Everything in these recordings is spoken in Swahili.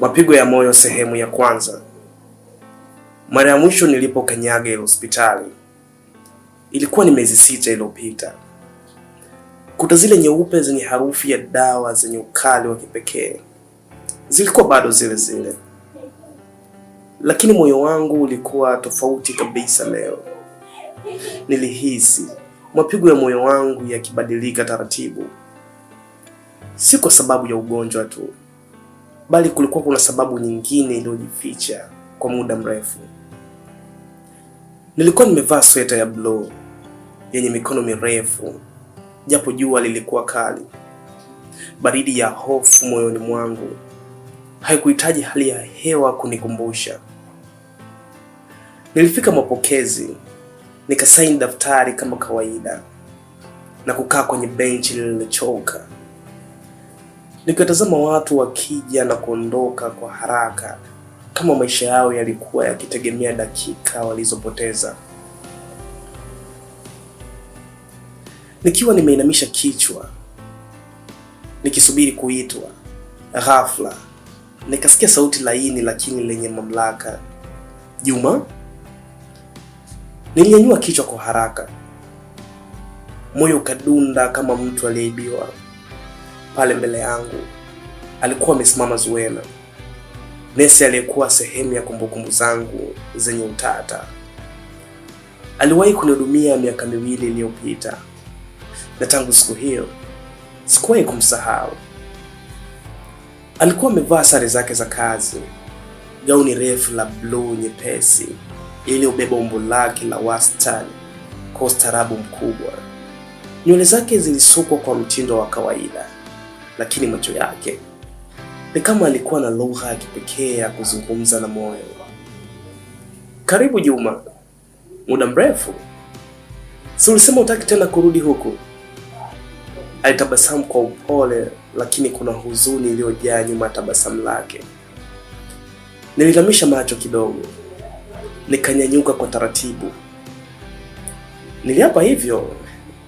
Mapigo ya moyo sehemu ya kwanza. Mara ya mwisho nilipokanyaga ile hospitali ilikuwa ni miezi sita iliyopita. Kuta zile nyeupe zenye harufu ya dawa zenye ukali wa kipekee zilikuwa bado zile zile, lakini moyo wangu ulikuwa tofauti kabisa. Leo nilihisi mapigo ya moyo wangu yakibadilika taratibu, si kwa sababu ya ugonjwa tu bali kulikuwa kuna sababu nyingine iliyojificha kwa muda mrefu. Nilikuwa nimevaa sweta ya bluu yenye mikono mirefu, japo jua lilikuwa kali. Baridi ya hofu moyoni mwangu haikuhitaji hali ya hewa kunikumbusha. Nilifika mapokezi, nikasaini daftari kama kawaida na kukaa kwenye benchi lililochoka. Nikiwatazama watu wakija na kuondoka kwa haraka kama maisha yao yalikuwa yakitegemea dakika walizopoteza. Nikiwa nimeinamisha kichwa nikisubiri kuitwa, ghafla nikasikia sauti laini lakini lenye mamlaka, Juma. Nilinyanyua kichwa kwa haraka, moyo ukadunda kama mtu aliyeibiwa pale mbele yangu alikuwa amesimama Zuena, nesi aliyekuwa sehemu ya kumbukumbu zangu zenye utata. Aliwahi kunihudumia miaka miwili iliyopita, na tangu siku hiyo sikuwahi kumsahau. Alikuwa amevaa sare zake za kazi, gauni refu la bluu nyepesi iliyobeba umbo lake la wastani kwa ustaarabu mkubwa. Nywele zake zilisukwa kwa mtindo wa kawaida lakini macho yake ni kama alikuwa na lugha ya kipekee ya kuzungumza na moyo. Karibu Juma, muda mrefu. Si ulisema utaki tena kurudi huku? Alitabasamu kwa upole, lakini kuna huzuni iliyojaa nyuma ya tabasamu lake. Nililamisha macho kidogo, nikanyanyuka kwa taratibu. Niliapa hivyo,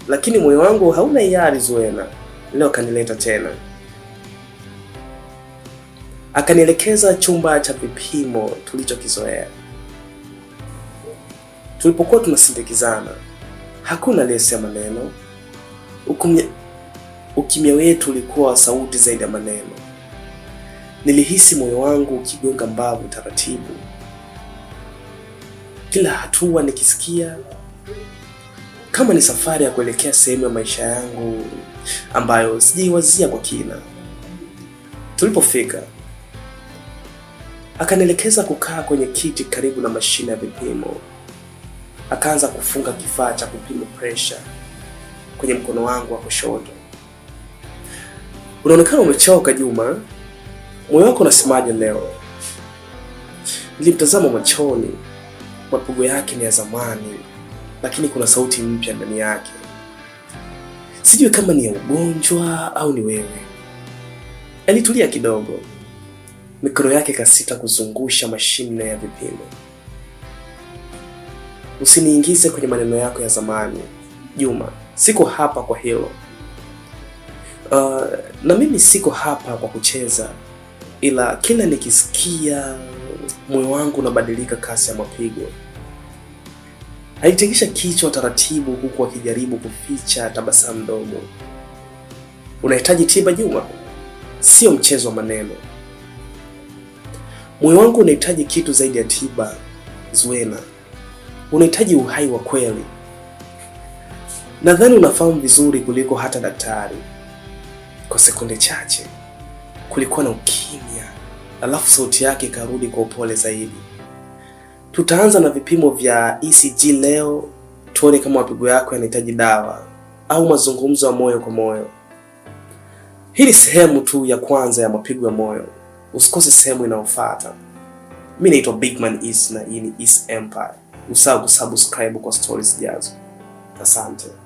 lakini moyo wangu hauna hiari, Zuena leo akanileta tena, akanielekeza chumba cha vipimo tulichokizoea. Tulipokuwa tunasindikizana, hakuna aliyesema neno. Ukimya wetu ulikuwa sauti zaidi ya maneno. Nilihisi moyo wangu ukigonga mbavu taratibu, kila hatua nikisikia kama ni safari ya kuelekea sehemu ya maisha yangu ambayo sijaiwazia kwa kina. Tulipofika akanielekeza kukaa kwenye kiti karibu na mashine ya vipimo. Akaanza kufunga kifaa cha kupima presha kwenye mkono wangu wa kushoto. Unaonekana umechoka Juma, moyo wako unasemaje leo? Nilimtazama machoni, mapigo yake ni ya zamani lakini kuna sauti mpya ndani yake. Sijui kama ni ya ugonjwa au ni wewe. Alitulia kidogo, mikono yake kasita kuzungusha mashine ya vipimo. Usiniingize kwenye maneno yako ya zamani Juma, siko hapa kwa hilo. Uh, na mimi siko hapa kwa kucheza, ila kila nikisikia moyo wangu unabadilika kasi ya mapigo. Alitegesha kichwa taratibu, huku akijaribu kuficha tabasamu dogo. Unahitaji tiba Juma, sio mchezo wa maneno. Moyo wangu unahitaji kitu zaidi ya tiba Zuena, unahitaji uhai wa kweli. Nadhani unafahamu vizuri kuliko hata daktari. Kwa sekunde chache kulikuwa na ukimya, alafu sauti yake ikarudi kwa upole zaidi. Tutaanza na vipimo vya ECG leo, tuone kama mapigo yako yanahitaji dawa au mazungumzo ya moyo kwa moyo. Hii ni sehemu tu ya kwanza ya mapigo ya moyo. Usikose sehemu inayofuata. Mi naitwa Bigman East na hii ni East Empire. Usahau kusubscribe kwa stories zijazo. Asante.